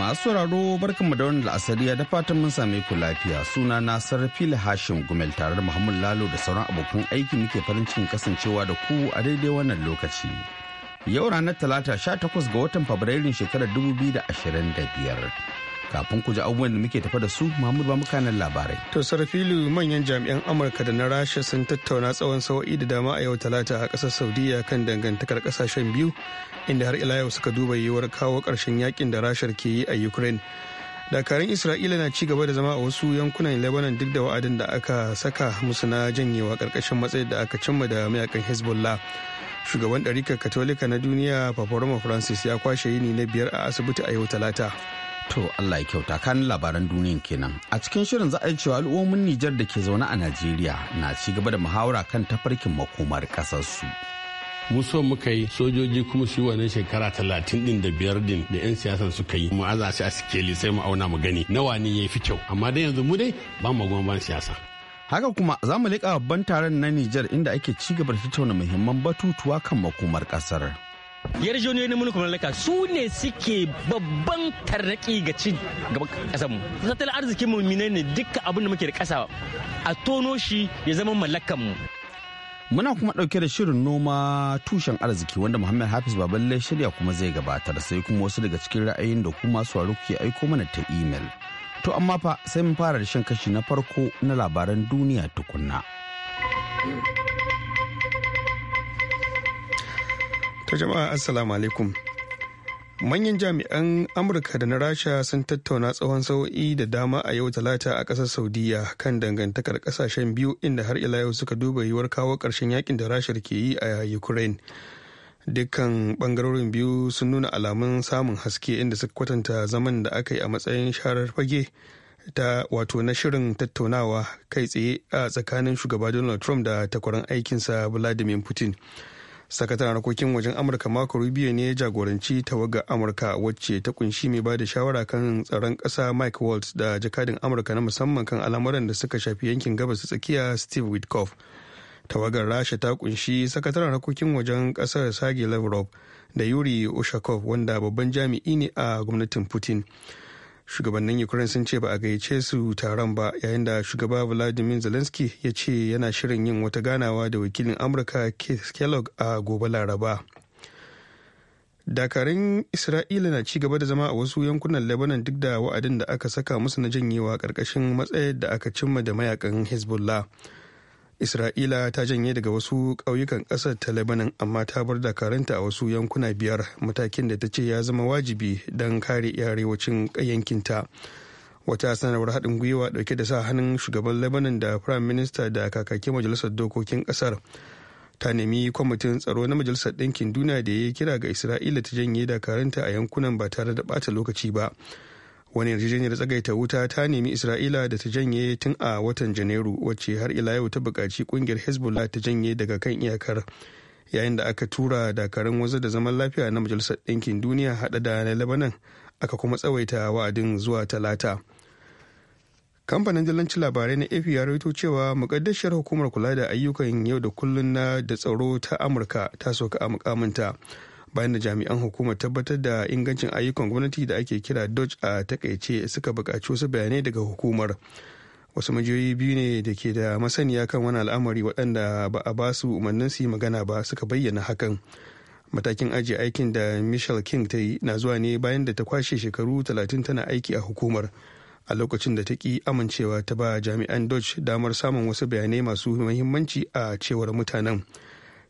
masu sauraro barkanmu da wani la'asariya da fatan mun same ku lafiya suna na sarfila hashim gumel tare da muhammad lalo da sauran abokan aiki muke farin cikin kasancewa da ku a daidai wannan lokaci yau ranar talata 18 ga watan fabrairun shekarar 2025 kafin ku ji abubuwan da muke tafa da su mahmud ba mukanan labarai. To sarfilu manyan jami'an Amurka da na Rasha sun tattauna tsawon sawa'i da dama a yau talata a ƙasar Saudiya kan dangantakar ƙasashen biyu inda har ila yau suka duba yiwuwar kawo ƙarshen yakin da Rashar ke yi a Ukraine. Dakarun Isra'ila na ci gaba da zama a wasu yankunan Lebanon duk da wa'adin da aka saka musu na janyewa ƙarƙashin matsayin da aka cimma da mayakan Hezbollah. Shugaban ɗarikar Katolika na duniya Papa Francis ya kwashe yini na biyar a asibiti a yau talata. To Allah ya kyauta kan labaran duniyan kenan. A cikin shirin za a yi cewa al'ummomin Nijar da ke zaune a Najeriya na ci gaba da muhawara kan tafarkin makomar kasarsu. mu so muka yi sojoji kuma su yi wannan shekara talatin din da biyar din da 'yan siyasan suka yi mu aza a sikeli sai mu auna mu gani nawa ne ya fi kyau amma dai yanzu mu dai ba mu goma ban siyasa. haka kuma za mu leƙa babban taron na Nijar inda ake ci gaba da tattauna muhimman batutuwa kan makomar ƙasar. yarjejeniyoyin mulkin mallaka su ne suke babban tarnaki ga ci gaba kasanmu tattalin arzikin mu ne duka abin da muke da kasa a tono shi ya zama mallakan mu muna kuma dauke da shirin noma tushen arziki wanda muhammad hafiz baballe shirya kuma zai gabatar sai kuma wasu daga cikin ra'ayin da kuma su aro ke aiko mana ta imel to amma fa sai mun fara da shan kashi na farko na labaran duniya tukunna. ta jama'a assalamu alaikum manyan jami'an amurka da na rasha sun tattauna tsawon sau'i da dama a yau talata a ƙasar saudiya kan dangantakar ƙasashen biyu inda har ila yau suka duba yiwuwar kawo ƙarshen yakin da rashar ke yi a ukraine dukkan bangarorin biyu sun nuna alamun samun haske inda suka kwatanta zaman da aka yi a matsayin sharar fage ta wato na shirin tattaunawa kai tsaye a tsakanin shugaba donald trump da takwaran aikinsa vladimir putin sakataren harkokin wajen amurka marco rubio ne ya jagoranci tawaga amurka wacce ta kunshi mai ba da shawara kan tsaron kasa mike waltz da jakadin amurka na musamman kan al'amuran da suka shafi yankin gabas tsakiya steve witkoff tawagar rasha ta kunshi sakataren harkokin wajen ƙasar sage lavrov da yuri ushakov wanda babban jami'i ne a gwamnatin putin shugabannin ukraine sun ce ba a gayyace su taron ba yayin da shugaba vladimir zelensky ya ce yana shirin yin wata ganawa da wakilin amurka keith kellogg a gobe laraba dakarun isra'ila na ci gaba da zama a wasu yankunan lebanon duk da wa'adin da aka saka musu na janyewa karkashin matsayar da aka cimma da mayakan hezbollah isra'ila ta janye daga wasu ƙauyukan ƙasar ta lebanon amma ta bar dakaranta a wasu yankuna biyar matakin da ta ce ya zama wajibi don kare arewacin yankinta wata sanarwar haɗin gwiwa ɗauke da sa hannun shugaban lebanon da prime minister da kakakin majalisar dokokin ƙasar ta nemi kwamitin tsaro na majalisar ɗinkin duniya da ya kira ga isra'ila ta janye dakaranta a yankunan ba tare da ɓata lokaci ba wani yarjejeniyar tsagaita wuta ta nemi isra'ila da ta janye tun a watan janairu wacce har ila yau ta buƙaci ƙungiyar hezbollah ta janye daga kan iyakar yayin da aka tura dakarun waza da zaman lafiya na majalisar ɗinkin duniya haɗa da na lebanon aka kuma tsawaita wa'adin zuwa talata kamfanin dillancin labarai na afi ya rawaito cewa mukaddashiyar hukumar kula da ayyukan yau da kullun na da tsaro ta amurka ta soka a mukaminta bayan da jami'an hukumar tabbatar da ingancin ayyukan gwamnati da ake kira dodge a takaice suka buƙaci wasu bayanai daga hukumar wasu majiyoyi biyu ne da ke da masaniya kan wani al'amari waɗanda ba a basu su umarnin su yi magana ba suka bayyana hakan matakin ajiye aikin da michelle king ta yi na zuwa ne bayan da ta kwashe shekaru talatin tana aiki a hukumar a lokacin da ta ki amincewa ta ba jami'an dodge damar samun wasu bayanai masu muhimmanci a cewar mutanen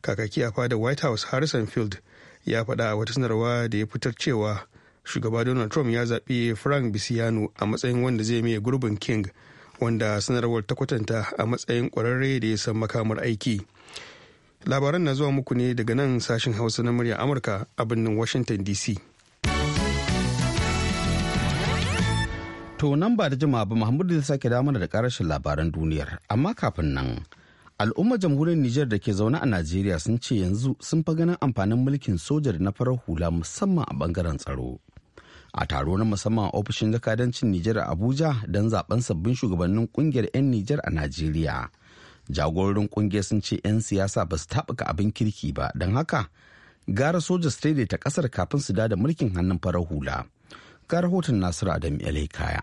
kakaki a fada white house harrison field ya faɗa a wata sanarwa da ya fitar cewa shugaba donald trump ya zaɓi frank bisiano a matsayin wanda zai mai gurbin king wanda sanarwar ta kwatanta a matsayin ƙwararre da ya san makamar aiki labaran na zuwa muku ne daga nan sashen hausa na murya amurka a birnin washington dc to nan ba da jima ba mahmud zai sake damar da ƙarashin labaran duniyar amma kafin nan al'ummar jamhuriyar Nijar da ke zaune a Najeriya sun ce yanzu sun fa ganin amfanin mulkin soja da na farar hula musamman a bangaren tsaro. A taro na musamman a ofishin jakadancin Nijar a Abuja don zaben sabbin shugabannin kungiyar 'yan Nijar a Najeriya. Jagororin kungiyar sun ce 'yan siyasa ba su taɓuka abin kirki ba don haka gara soja su ta ƙasar kafin su da mulkin hannun farar hula. Ga rahoton Nasiru Adam Kaya.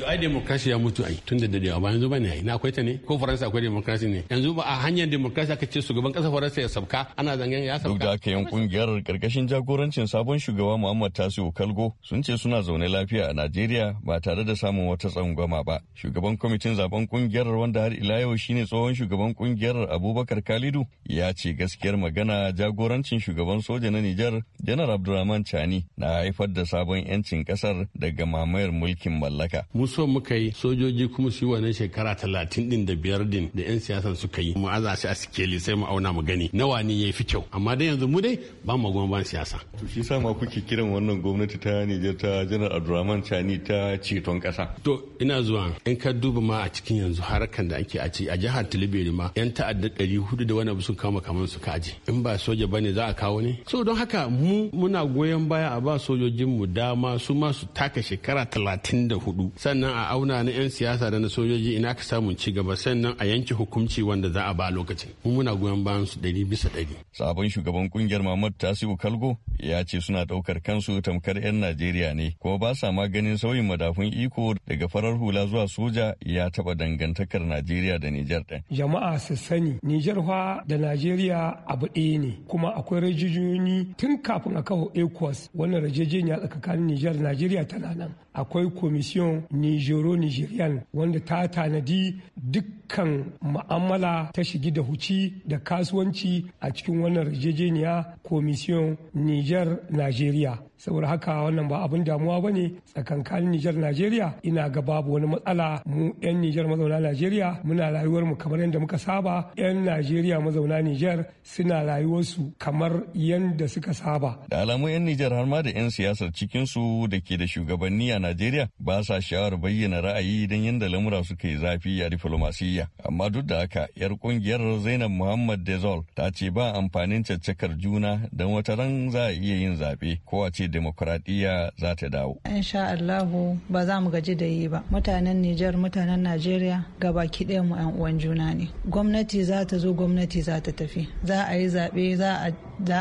Yau ai demokrasi ya mutu ai tun da ba yanzu bane ai na akwai ta ne ko Faransa akwai demokrasi ne yanzu ba a hanyar demokrasi aka ce shugaban kasa Faransa ya sabka ana zangen ya sabka. Duk da aka yan kungiyar karkashin jagorancin sabon shugaba Muhammad Tasiu Kalgo sun ce suna zaune lafiya a Najeriya ba tare da samun wata tsangwama ba. Shugaban kwamitin zaben kungiyar wanda har ila yau shine tsohon shugaban kungiyar Abubakar Khalidu ya ce gaskiyar magana jagorancin shugaban soja na Nijar Janar Abdulrahman Chani na haifar da sabon 'yancin kasar daga mamayar mulkin mallaka. mu so muka yi sojoji kuma su yi wannan shekara talatin din da biyar din da 'yan siyasan suka yi mu aza shi a sikeli sai mu auna mu gani nawa ne ya fi kyau amma dai yanzu mu dai ba mu goma ban siyasa. to shi sa ma kuke kiran wannan gwamnati ta Nijar ta janar Abdulrahman Chani ta ceton kasa. to ina zuwa in ka duba ma a cikin yanzu harakan da ake a ci a jihar Tilibiri ma 'yan ta'adda ɗari hudu da wani sun kama kamar su kaji in ba soja bane za a kawo ne. so don haka mu muna goyon baya a ba sojojin mu dama su ma su taka shekara talatin da hudu. sannan a auna na 'yan siyasa da na sojoji ina ka samun ci gaba sannan a yanke hukumci wanda za a ba lokacin mu muna goyon bayan su ɗari bisa ɗari. sabon shugaban kungiyar mahmud tasiu kalgo ya ce suna ɗaukar kansu tamkar 'yan najeriya ne ko ba sa ma ganin sauyin madafun iko daga farar hula zuwa soja ya taɓa dangantakar najeriya da nijar ɗin. jama'a su sani nijar fa da najeriya abu ɗaya ne kuma akwai rajijiyoyi tun kafin a kawo ecos wannan rajijeniya tsakanin nijar najeriya tana nan akwai komisiyon nijero nigerian wanda ta tanadi dukkan ma'amala ta shigi da huci da kasuwanci a cikin wannan yarjejeniya komisiyon niger nigeria saboda haka wannan ba abin damuwa ba ne tsakankanin nijar najeriya ina ga babu wani matsala mu yan nijar mazauna najeriya muna rayuwar mu kamar yadda muka saba yan najeriya mazauna nijar suna rayuwarsu kamar yadda suka saba da alamu yan nijar har ma da yan siyasar cikin su da ke da shugabanni a najeriya ba sa sha'awar bayyana ra'ayi don yadda lamura suka yi zafi a diflomasiyya amma duk da haka yar kungiyar zainab muhammad dezol ta ce ba amfanin caccakar juna don wata ran za a iya yin zaɓe ko a ce demokuraɗiyya za ta dawo. insha Allahu ba za mu gaji da yi ba mutanen Nijar mutanen Najeriya ga baki ɗaya mu 'yan uwan juna ne gwamnati za ta zo gwamnati za ta tafi za a yi zaɓe za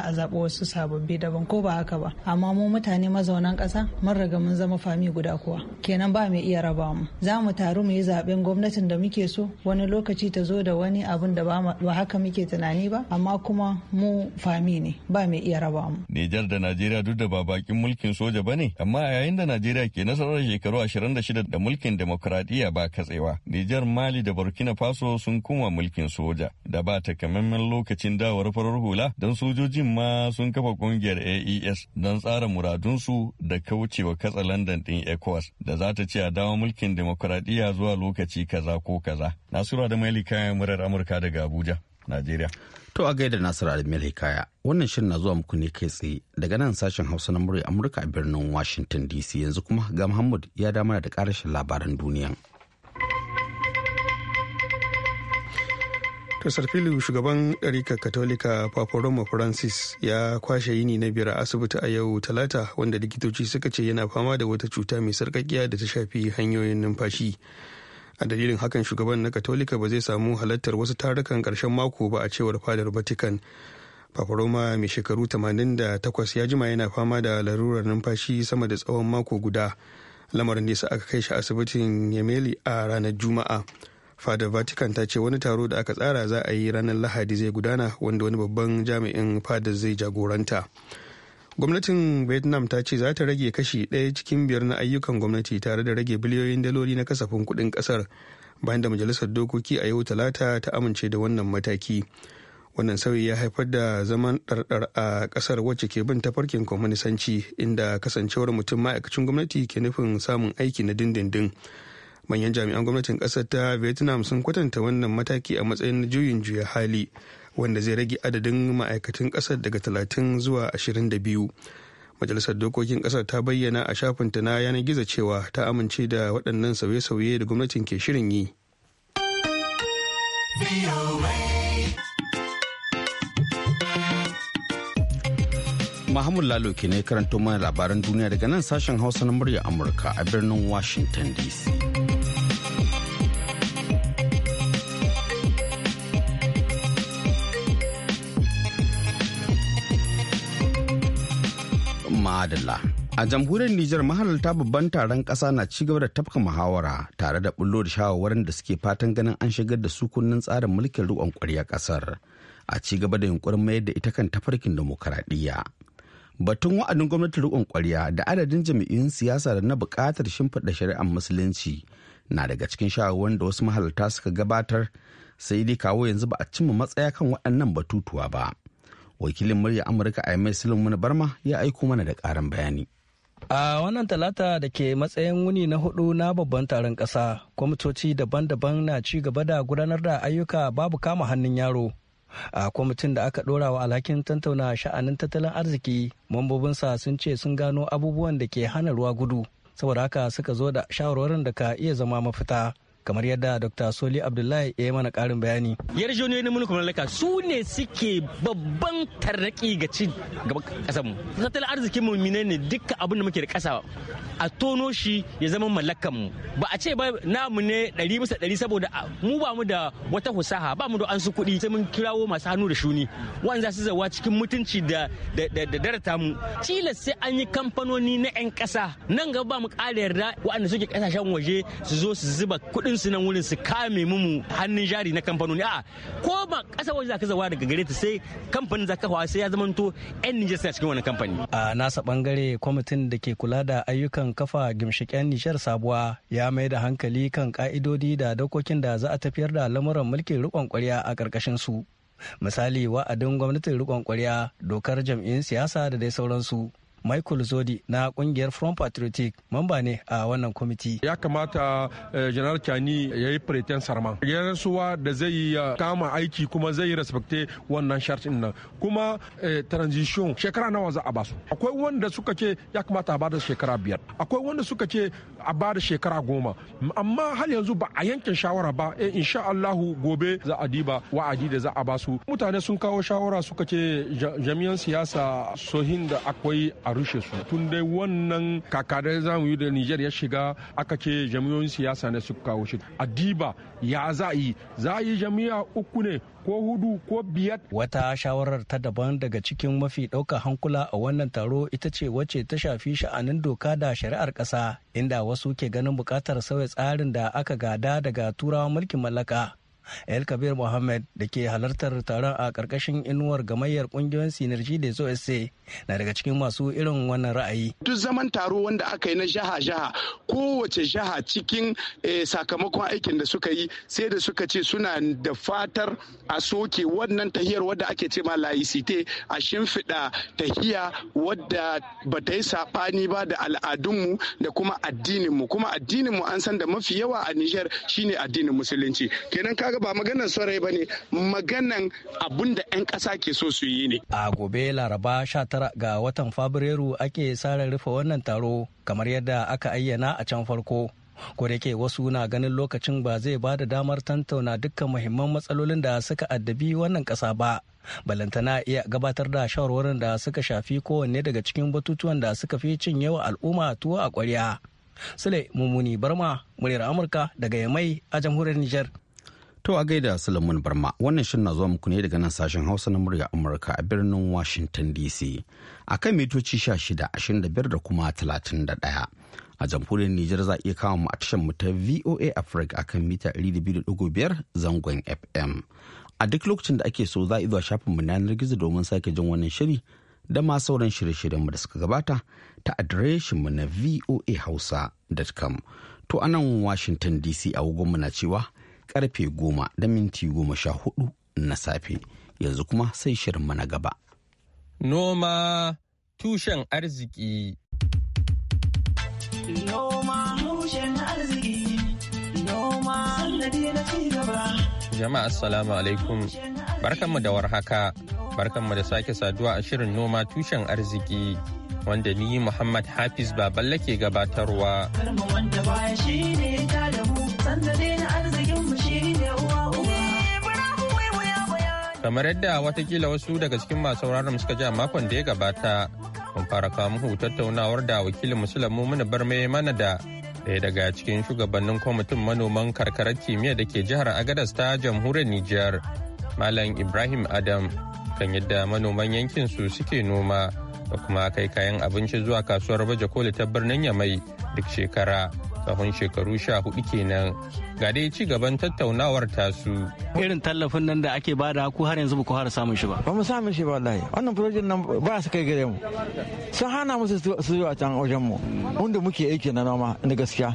a zaɓi wasu sababbi daban ko ba haka ba amma mu mutane mazaunan ƙasa mun riga mun zama fami guda kuwa kenan ba mai iya raba mu za mu taru mu yi zaɓen gwamnatin da muke so wani lokaci ta zo da wani abin da ba haka muke tunani ba amma kuma mu fami ne ba mai iya raba mu. Nijar da Najeriya duk da ba bakin mulkin soja ba ne amma a yayin da najeriya ke nasarar shekaru 26 da mulkin demokradiyya ba katsewa nijar mali da burkina faso sun kuma mulkin soja da ba takamaiman lokacin dawar farar hula don sojojin ma sun kafa kungiyar aes don tsara muradunsu da kaucewa katsa ɗin din ecowas da za ta ce a dawo mulkin demokradiyya zuwa lokaci kaza ko kaza nasura da maili kayan murar amurka daga abuja najeriya To a gaida Nasiru Adamil Hikaya, wannan shirin na zuwa muku ne kai tsaye daga nan sashen Hausa na murya Amurka a birnin Washington DC yanzu kuma ga Muhammad ya damar da karashin labaran duniya. Tasar filu shugaban ɗarikar Katolika Papa Roma Francis ya kwashe yini na biyar a asibiti a yau talata wanda likitoci suka ce yana fama da wata cuta mai sarƙaƙiya da ta shafi hanyoyin numfashi. a dalilin hakan shugaban na katolika ba zai samu halartar wasu tarukan karshen mako ba a cewar fadar vatican paparoma mai shekaru 88 ya jima yana fama da larurar numfashi sama da tsawon mako guda lamarin nesa aka kai shi asibitin yameli a ranar juma'a fadar vatican ta ce wani taro da aka tsara za a yi ranar lahadi zai gudana wanda wani babban jami'in fadar zai jagoranta gwamnatin vietnam ta ce za ta rage kashi ɗaya cikin biyar na ayyukan gwamnati tare da rage biliyoyin daloli na kasafin kuɗin ƙasar bayan da majalisar dokoki a yau talata ta amince da wannan mataki wannan sauyi ya haifar da zaman ɗarɗar a ƙasar wacce ke bin tafarkin kwamanisanci inda kasancewar mutum ma'aikacin gwamnati ke nufin samun aiki na dindindin manyan jami'an gwamnatin ƙasar ta vietnam sun kwatanta wannan mataki a matsayin juyin juya hali wanda zai rage adadin ma'aikatan ƙasar daga 30 zuwa 22 majalisar dokokin ƙasar ta bayyana a shafin ta na yanar gizo cewa ta amince da waɗannan sauye-sauye da gwamnatin ke shirin yi Mahmud Lalo ke ne karanto mana labaran duniya daga nan sashen Hausa na murya Amurka a birnin Washington DC. Madalla. A jamhuriyar Nijar mahalarta babban taron ƙasa na ci gaba da tafka muhawara tare da bullo da shawarwarin da suke fatan ganin an shigar da su kunnen tsarin mulkin ruwan ƙwarya ƙasar. A ci gaba da yunkurin mayar da ita kan tafarkin dimokuraɗiyya. Batun wa'adin gwamnatin riƙon ƙwarya da adadin jami'in siyasa da na buƙatar shimfiɗa shari'ar musulunci na daga cikin shawarwarin da wasu mahalarta suka gabatar sai dai kawo yanzu ba a cimma matsaya kan waɗannan batutuwa ba. wakilin murya amurka a mai sulmuna barma ya aiko mana da karin bayani a wannan talata da ke matsayin wuni na hudu na babban taron kasa kwamitoci daban-daban na ci gaba da gudanar da ayyuka babu kama hannun yaro a kwamitin da aka dora wa alhakin tantauna sha'anin tattalin arziki mambobinsa sun ce sun gano abubuwan da ke hana ruwa gudu saboda haka suka zo da shawarwarin da ka iya zama mafita kamar yadda dr soli abdullahi ya yi mana karin bayani yarjejeniyoyin mulkin mallaka su ne suke babban tarraki ga ci gaban kasar mu tattalin arzikin mu ne dukkan abin da muke da kasa a tono shi ya zama mallakan mu ba a ce ba namu ne ɗari bisa ɗari saboda mu ba mu da wata husaha ba mu da an su kuɗi sai mun kirawo masu hannu da shuni wanda su zawa cikin mutunci da da darata mu tilas sai an yi kamfanoni na 'yan ƙasa nan gaba ba mu ƙara yarda waɗanda suke ƙasashen waje su zo su zuba kuɗi kuɗin su nan wurin su kame mu hannun jari na kamfanoni a ko ba ƙasa waje zaka ka zawa daga gare ta sai kamfanin zaka hawa sai ya zamanto 'yan Nijar suna cikin wani kamfani. A nasa bangare kwamitin da ke kula da ayyukan kafa gimshiƙen Nijar sabuwa ya mai da hankali kan ka'idodi da dokokin da za a tafiyar da lamuran mulkin rikon kwarya a karkashin su. Misali wa'adin gwamnatin rikon kwarya dokar jam'in siyasa da dai sauransu. michael zodi na kungiyar front patriotic mamba ne a wannan kwamiti ya kamata eh, general kani ya yi pretend sarman suwa da zai eh, kama aiki kuma zai respecte wannan shartin nan kuma eh, transition shekara nawa za a basu akwai wanda suka ce ya kamata a bada shekara biyar akwai wanda suka ce a bada shekara goma amma har yanzu ba a yankin shawara ba eh insha Allahu gobe za a diba wa'adi da za a basu mutane sun kawo shawara suka ce jami'an siyasa sohin da akwai a a rushe su tun dai wannan kakadai za mu yi da nijar ya shiga aka ce jami'oyin siyasa ne su kawo shi a diba ya za yi za yi jami'a uku ne ko hudu ko biyar. Wata shawarar ta daban daga cikin mafi ɗaukar hankula a wannan taro ita ce wacce ta shafi sha'anin doka da shari'ar ƙasa inda wasu ke ganin buƙatar sauya tsarin da aka gada daga turawa mulkin mallaka El Kabir Mohammed da ke halartar taron a ƙarƙashin inuwar gamayyar ƙungiyoyin Sinarji da SOSA na daga cikin masu irin wannan ra'ayi. Duk zaman taro wanda aka yi na jaha-jaha kowace jaha cikin eh, sakamakon aikin da suka yi sai da suka ce suna da fatar a soke wannan tahiyar wadda ake ce ma laicite a shimfiɗa tahiya wadda ba ta yi saɓani ba da al'adunmu da kuma addininmu kuma addininmu an san da mafi yawa a Nijar shine addinin musulunci kenan ka kaga ba maganan son ba ne maganan abun da 'yan ƙasa ke so su yi ne a gobe laraba 19 ga watan fabrairu ake sare rufe wannan taro kamar yadda aka ayyana a can farko ko da ke wasu na ganin lokacin ba zai ba da damar tantauna dukkan muhimman matsalolin da suka addabi wannan ƙasa ba balantana iya gabatar da shawarwarin da suka shafi kowanne daga cikin batutuwan da suka fi cin yawa al'umma tuwo a ƙwarya sule mummuni barma muryar amurka daga yamai a jamhuriyar Nijar. To a gaida Sulaiman Barma wannan shin na zuwa muku ne daga nan sashen Hausa na murya Amurka a birnin Washington DC a kan mitoci 16, da kuma 31. a jamhuriyar Nijar za a iya kama mu a tashar mu ta VOA Africa kan mita 200.5 zangon FM. A duk lokacin da ake so za a zuwa shafin mu yanar gizo domin sake jin wannan shiri da ma sauran shirye-shiryen mu da suka gabata ta adireshin mu na voahausa.com. To a nan Washington DC a mu na cewa karfe goma da minti goma sha hudu na safe yanzu kuma sai shirin mana gaba. Noma tushen arziki. Noma tushen arziki. Noma sannadi na gaba. Jama'a assalamu alaikum. Barkanmu da warhaka. Barkanmu da sake saduwa a shirin noma tushen arziki. wanda ni Muhammad Hafiz Baballe ke gabatarwa. Kamar yadda watakila wasu daga cikin masu sauraron suka ji makon da ya gabata, mun fara kawo muku tattaunawar da wakilin Musulun bar Barme mana da ɗaya daga cikin shugabannin kwamitin manoman karkarar kimiyya da ke jihar Agadas ta jamhuriyar Nijar, Malam Ibrahim Adam, kan yadda manoman yankin su suke noma. da kuma kai kayan abinci zuwa kasuwar baje koli ta birnin yamai duk shekara tsawon shekaru sha hudu kenan ga dai ci gaban tattaunawar tasu. irin tallafin nan da ake bada ku har yanzu ku har samun shi ba ba mu samun shi ba wallahi wannan project nan ba su kai gare mu sun hana mu su zuwa can wajen mu wanda muke aiki na noma na gaskiya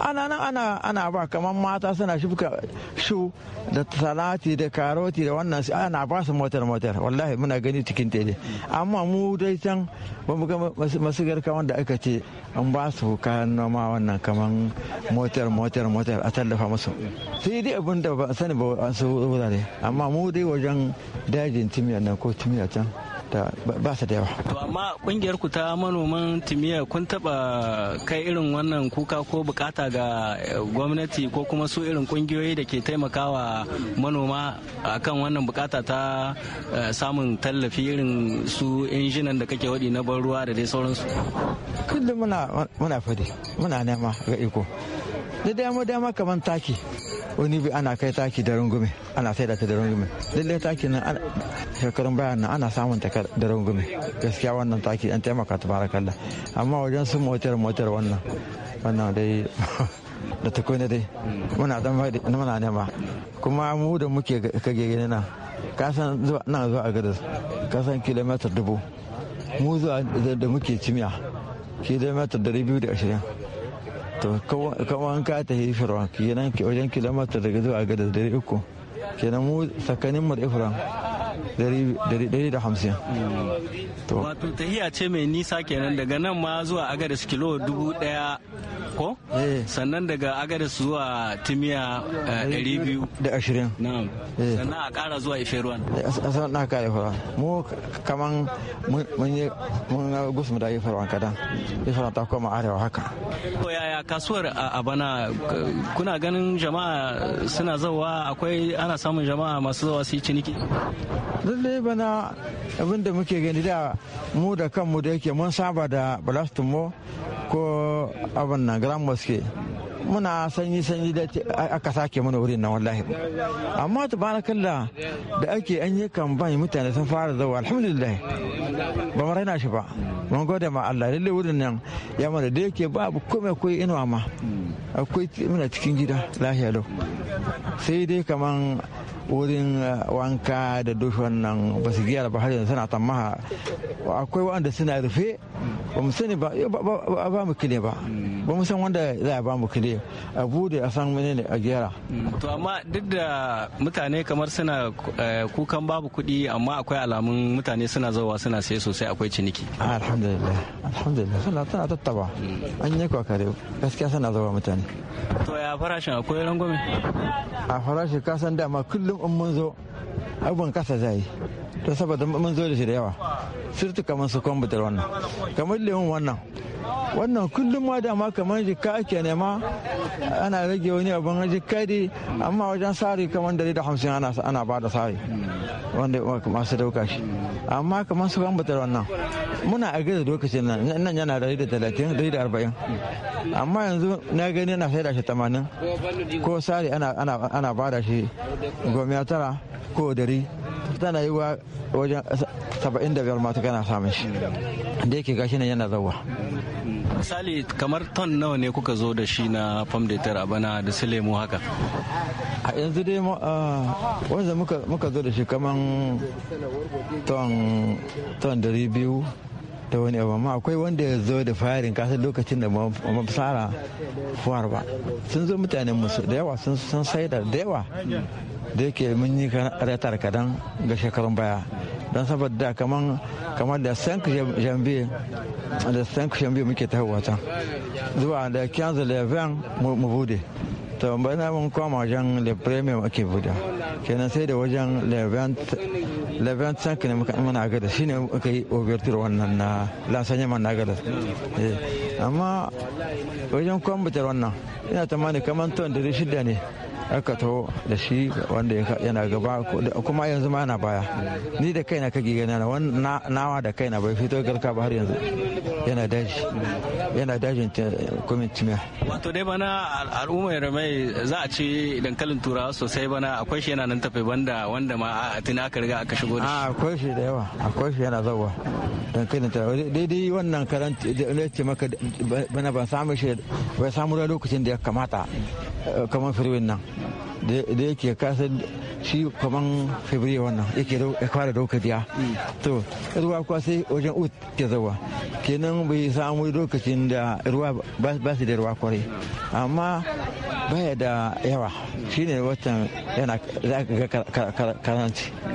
ana nan ana ana ba kamar mata suna shuka shu da salati da karoti da wannan ana ba su motar motar wallahi muna gani cikin tele amma mu dai can ba mu ga masu garka wanda aka ce an ba su kayan noma wannan kamar kamar motar motar motar a tallafa musu sai dai abin da ba a sani ba a su wurare amma mu dai wajen dajin timiyar nan ko timiyar can ta ba ta da yawa to amma kungiyar ku ta manoman timiya kun taba kai irin wannan kuka ko bukata ga eh, gwamnati ko kuma su irin kungiyoyi da ke taimakawa manoma akan wannan bukata ta eh, samun tallafi irin su injinan da kake wadi na ban ruwa da dai sauransu kullum muna muna fadi muna nema ga iko da dama dama kamar taki wani bi ana kai taki da rungume ana sai da ta da rungume lallai taki nan shekarun bayan nan ana samun ta da rungume gaskiya wannan taki an taimaka ta barakallah amma wajen sun motar motar wannan wannan dai da ta kone dai muna da muna nema kuma mu da muke kage gani na kasan zuwa na zuwa a gadas kasan kilomita dubu mu zuwa da muke cimiya kilomita dari biyu da ashirin to an kata ta yi firwa kenan wajen kilomita daga zuwa ga da dare uku kenan mu tsakanin mu da ifra dari da hamsin. Hmm. wato tahiya ce mai nisa kenan daga nan ma zuwa agadas kilo dubu daya ko eh. sannan daga agadas zuwa timiya 220 eh, na'am eh. sannan a kara zuwa iferuwan a sanar da haka iferuwan mu kaman mun yi mun gusu da iferuwan kadan iferuwan ta koma arewa haka ko yaya kasuwar a bana kuna ganin jama'a suna zawa akwai ana samun jama'a masu zawa su yi ciniki lallai bana abin da muke gani da mu da kanmu da yake mun saba da mu ko abin nan grand mosque muna sanyi sanyi da aka sake mana wurin na wallahi amma kalla da ake an yi kamban mutane sun fara zawa alhamdulillah ba mu raina shi ba mun gode ma Allah lalle wurin nan ya mana da yake babu kome koyi inuwa ma akwai muna cikin gida lahiya lau sai dai kamar wurin eh, wanka da dushe wannan ba su giya ba har yanzu suna tamaha akwai wanda suna rufe ba mu sani eh, ba a ba mu kile ba ba mu san wanda za a ba mu kile a bude a san ne a gera to amma duk da mutane kamar suna eh, kukan babu kuɗi amma akwai alamun mutane suna zawa suna sai sosai akwai ciniki alhamdulillah alhamdulillah suna tana tattaba hmm. an yi kokare gaskiya suna zawa mutane to ya farashin akwai rangwame a farashin kasan dama kullum in mun zo abubuwan kasa zai ta saboda mun zo da shi da yawa sirtu kamar su kwambutar wannan kamar lemun wannan wannan kullum ma dama kamar jikka ake nema ana rage wani abin jikka dai amma wajen sari kamar dari da hamsin ana ba da sari wanda masu dauka shi amma kamar su kwambutar wannan muna a gaza lokacin nan nan yana dari da talatin dari da arba'in amma yanzu na gani ana saida shi tamanin ko sari ana ba da shi gomiya tara ko dari tana yi wa wajen saba'in da biyar mata kana samun shi da yake gashi nan yana zawa misali kamar ton nawa ne kuka zo da shi na fam da tara bana da su lemu haka a yanzu dai wanda muka zo da shi kamar ton dari biyu ta wani abu amma akwai wanda ya zo da firing kasar lokacin da mafisara fuwar ba sun zo mutanen musu da yawa sun san saida da yawa da yake mun yi retar kadan ga shekarun baya don saboda kaman kamar da sank jambi da sank jambi muke hawa can zuwa da kyanzu leven mu bude to bana mun koma wajen le premium ake buda kenan sai da wajen le 25 ne muna gada shine muka yi overture wannan na lansanya man na gada eh, amma wajen kwambutar wannan ina tamani kamar ton 600 ne aka taho da shi wanda yana gaba kuma yanzu ma yana baya ni da kaina kage gani na nawa da kaina bai fito garka ba har yanzu yana daji yana dajin kumin timiya wato dai bana al'ummar mai za a ce dankalin turawa sosai bana akwai shi yana nan tafe banda wanda ma a tuna aka riga aka shigo da shi akwai shi da yawa akwai shi yana zauwa dankalin turawa daidai wannan karanta da ce maka bana ban samu shi bai samu lokacin da ya kamata eh, kamar firwin nan da yake kasar shi kaman fabriya wannan yake fara daukar ya to ruwa kuwa sai wajen ut ke zawa kenan bai samu lokacin da ruwa ba su da ruwa kwarai amma baya da yawa shine watan yana za ka ga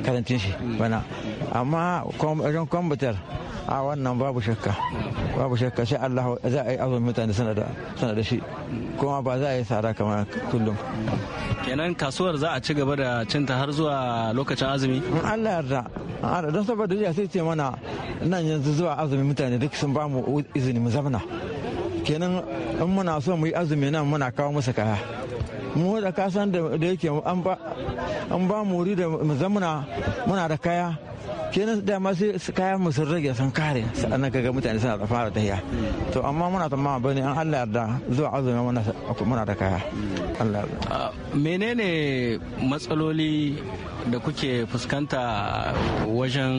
karancin shi bana amma wajen kwambatar a wannan babu shakka babu shakka sai Allah za a yi azumin mutane sana da shi kuma ba za a yi tsada kamar kullum kenan kasuwar za a ci gaba da cinta har zuwa lokacin azumi Allah yarda don saboda jiya sai ce mana nan yanzu zuwa azumi mutane duk sun ba mu izini mu zamana kenan in muna so mu yi azumi nan muna kawo musu kaya mu da kasan da yake an ba mu wuri da mu zamana muna da kaya kenan dama sai kaya mu rage sun kare sannan kaga mutane suna da fara tahiya to amma muna tamma bane an Allah yarda zuwa azumi muna muna da kaya Allah menene matsaloli da kuke fuskanta wajen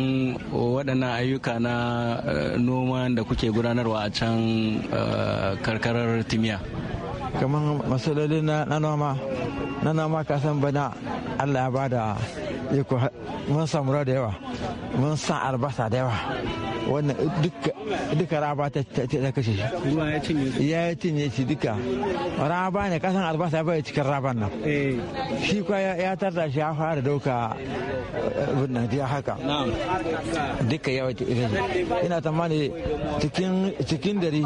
waɗannan ayyuka na eh, noma da kuke gudanarwa a can eh, karkarar timiya kamar matsaloli na noma na noma kasan bana Allah ya bada iko eh, mun samura da yawa mun san albasa da yawa wannan duka raba ta kashe shi ya cinye shi duka raba ne kasan albasa ya bai cikin raban nan eh. shi kwa ya tarda shi ya fara dauka eh, nan ya haka duka yawa ina tamani cikin dari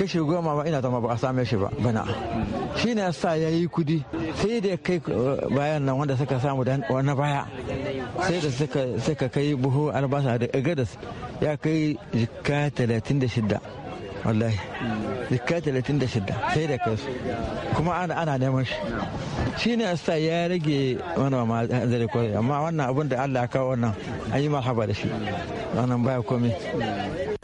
kashe goma ba ina tamani ba a same shi ba bana shi ne sa ya yi kudi sai da kai bayan nan wanda suka samu da na baya sai da suka kai buhu albasa da agadas ya kai jika 36 wallahi jika 36 sai da kai kuma ana ana neman shi shi ne sa ya rage manoma hanzari kwarai amma wannan abin da allah ya kawo wannan an yi marhaba da shi wannan baya komai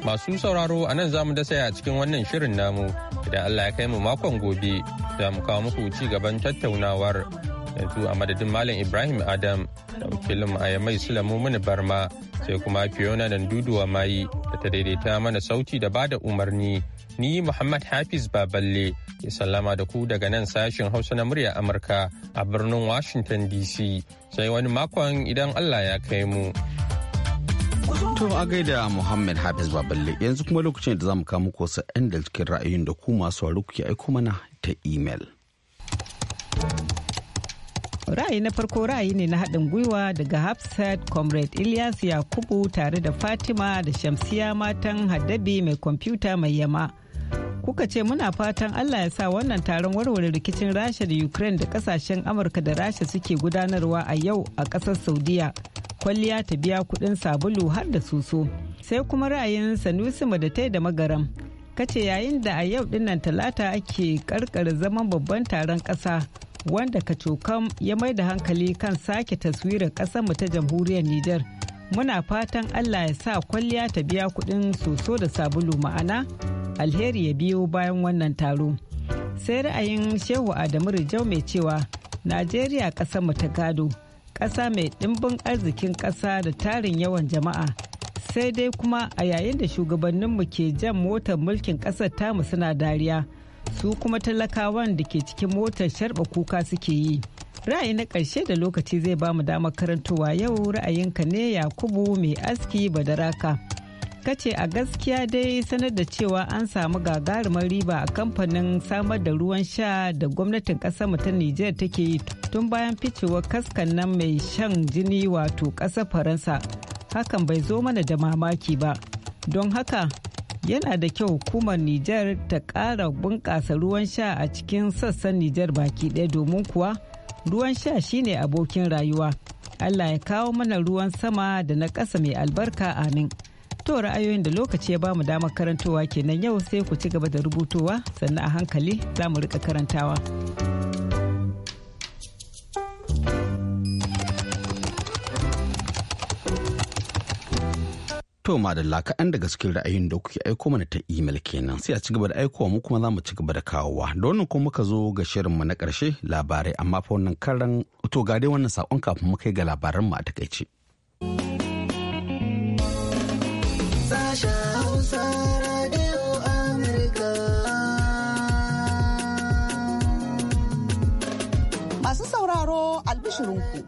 masu sauraro a nan zamu dasa a cikin wannan shirin namu idan allah ya kai mu makon gobe za mu kawo muku ci gaban tattaunawar yanzu a madadin malam ibrahim adam da wakilin ayamai sulamu mini barma sai kuma fiona nan duduwa mayi da ta daidaita mana sauti da bada umarni ni muhammad hafiz baballe ya sallama da ku daga nan sashen hausa na murya amurka a birnin washington dc sai wani makon idan allah ya kai mu To a gaida Muhammad Hafiz Baballe yanzu kuma lokacin da zamu kawo muku wasu 'yan da cikin ra'ayin da ku masu kuke aiko mana ta imel. Ra'ayi na farko ra'ayi ne na haɗin gwiwa daga Hafsat Comrade Ilyas Yakubu tare da Fatima da Shamsiya matan Haddabi mai kwamfuta mai yama. kuka ce muna fatan Allah ya sa wannan taron warware rikicin Rasha da Ukraine da kasashen Amurka da Rasha suke gudanarwa a yau a ƙasar Saudiya. Kwalliya ta biya kuɗin sabulu har da soso. Sai kuma ra'ayin Sanusi Madatai da Magaram. Kace yayin da a yau dinnan talata ake karkar zaman babban taron ƙasa wanda kacokan ya mai da hankali kan sake taswirar mu ta jamhuriyar Nijar. Muna fatan Allah ya sa kwalliya ta biya kuɗin soso da sabulu ma'ana alheri ya biyo bayan wannan taro. Sai ra'ayin Shehu Adamu Rijau mai cewa Najeriya mu ta gado, ƙasa mai ɗimbin arzikin ƙasa da tarin yawan jama'a. Sai dai kuma a yayin da shugabanninmu ke jan motar mulkin ƙasar tamu suna dariya. su kuma talakawan da ke cikin motar sharɓa kuka suke yi ra'ayi na ƙarshe da lokaci zai ba mu damar karantowa yau ra'ayinka ne yakubu mai aski badaraka kace a gaskiya dai sanar da cewa an samu gagarumar riba a kamfanin samar da ruwan sha da gwamnatin mu ta nijar take yi tun bayan ficewar kaskan nan mai shan jini wato ƙasar faransa hakan bai zo mana da mamaki ba don haka yana da kyau hukumar Nijar ta ƙara bunƙasa ruwan sha a cikin sassan Nijar baki ɗaya domin kuwa ruwan sha shine abokin rayuwa. Allah ya kawo mana ruwan sama da na ƙasa mai albarka amin. To ra'ayoyin da lokaci ya bamu damar karantowa kenan yau sai ku ci gaba da rubutowa sannan a hankali za mu rika karantawa. To madalla kaɗan daga cikin ra'ayin da kuke aiko mana ta imel kenan sai a cigaba da aikowa mu kuma za mu ci da kawowa. Da wannan kuma muka zo ga shirinmu na karshe labarai amma fa wannan karan to ga dai wannan saƙon kafin mu kai ga labaran mu a takaice. Masu sauraro albishirinku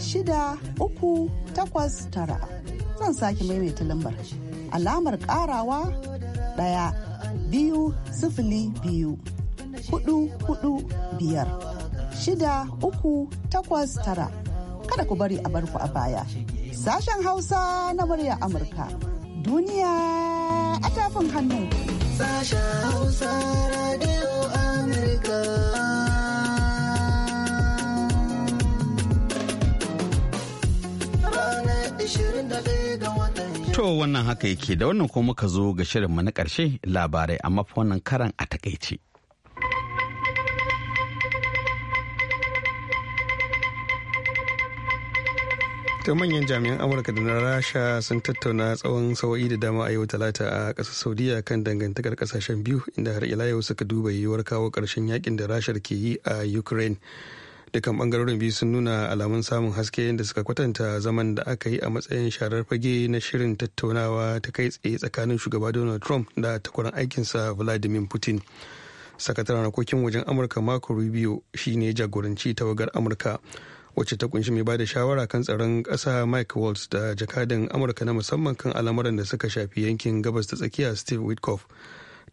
shida uku takwas tara zan sake maimaita lambar alamar karawa ɗaya biyu sifili biyu hudu hudu biyar shida uku takwas tara kada ku bari a barku a baya sashen hausa na murya amurka duniya a tafin hannu sashen hausa radio amurka To wannan haka yake da wannan ko muka zo ga shirinmu na karshe labarai amma fa karan a takaice. ta manyan jami'an amurka da na rasha sun tattauna tsawon sawa'i da dama a yau talata a ƙasar saudiya kan dangantakar ƙasashen biyu inda har ila yau suka duba yiwuwar kawo ƙarshen yakin da rashar ke yi a ukraine dukkan bangarorin biyu sun nuna alamun samun haske da suka kwatanta zaman da aka yi a matsayin sharar fage na shirin tattaunawa ta kai tsaye tsakanin shugaba donald trump da takwaran aikinsa vladimir putin sakataren harkokin wajen amurka marco rubio shine jagoranci tawagar amurka wacce ta kunshi mai bada shawara kan tsaron ƙasa mike waltz da jakadan amurka na musamman kan al'amuran da suka shafi yankin gabas ta tsakiya steve witkoff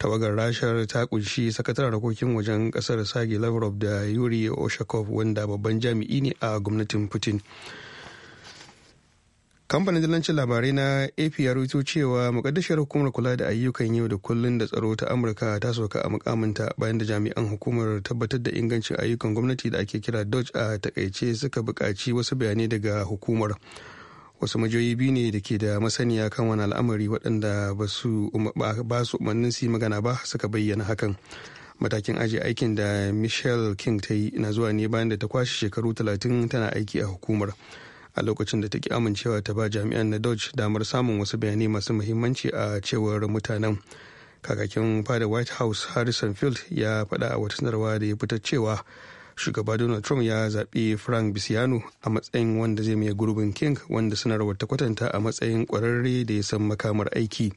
tawagar rashar ta kunshi sakataren harkokin wajen kasar sage lavrov da yuri oshakov wanda babban jami'i ne a gwamnatin putin kamfanin dalancin labarai na ap ya rubuto cewa mukaddashiyar hukumar kula da ayyukan yau da kullun da tsaro ta amurka ta sauka a mukaminta bayan da jami'an hukumar tabbatar da ingancin ayyukan gwamnati da ake kira dodge a takaice suka buƙaci wasu bayanai daga hukumar wasu majoyi biyu ne da ke da masaniya kan wani al'amari waɗanda ba su umarnin su yi magana ba suka bayyana hakan matakin aji aikin da michelle king ta yi na zuwa ne bayan da ta kwashe shekaru talatin tana aiki a hukumar a lokacin da ta ki amincewa ta ba jami'an na dodge damar samun wasu bayanai masu muhimmanci a cewar mutanen kakakin fada white house harrison field ya faɗa a wata sanarwa da ya fitar cewa shugaba donald trump ya zaɓi frank bisiano a matsayin wanda zai mai gurbin king wanda sanarwar ta kwatanta a matsayin kwararre da ya san makamar aiki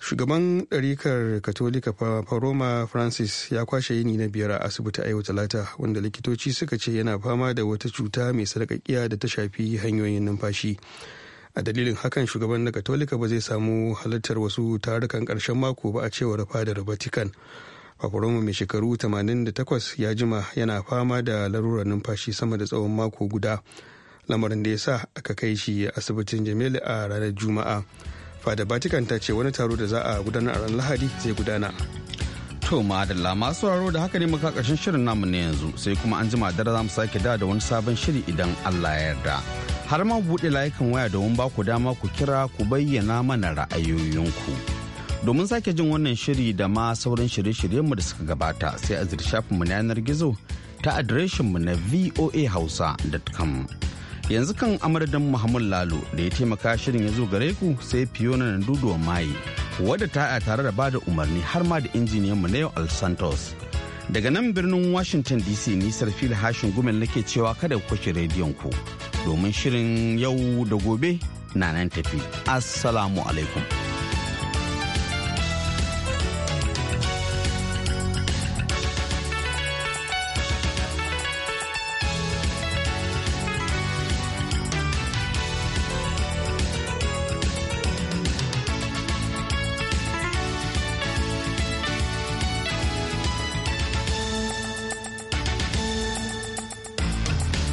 shugaban ɗarikar katolika roma francis ya kwashe yini na biyar a asibiti a yau talata wanda likitoci suka ce yana fama da wata cuta mai sarƙaƙiya da ta shafi hanyoyin numfashi a dalilin hakan shugaban na katolika ba zai samu halittar wasu tarukan ƙarshen mako ba a cewar fadar vatican Bakuroma mai shekaru 88 ya jima yana fama da larurar numfashi sama da tsawon mako guda. Lamarin da ya sa aka kai shi asibitin Jamilu a ranar Juma'a. Fada Vatican ta ce wani taro da za a gudanar a ran Lahadi zai gudana. To madalla masu raro da haka ne muka ƙarshen shirin namu ne yanzu sai kuma an jima dare za mu sake da da wani sabon shiri idan Allah ya yarda. Har ma bude layukan waya domin ba ku dama ku kira ku bayyana mana ra'ayoyinku. Domin sake jin wannan shiri da ma sauran shirye-shiryenmu da suka gabata sai a shafinmu na yanar gizo ta adireshinmu na voahausa.com. Yanzu kan amurdan Muhammad Lalo da ya taimaka shirin ya zo gare ku sai Fiona na duduwa mai wadda ta tare da bada umarni har ma da injiniyanmu na yau Santos. Daga nan birnin Washington DC nisar fil hashin gumel nake cewa kada ku kashe rediyon ku domin shirin yau da gobe na nan tafi. Assalamu alaikum.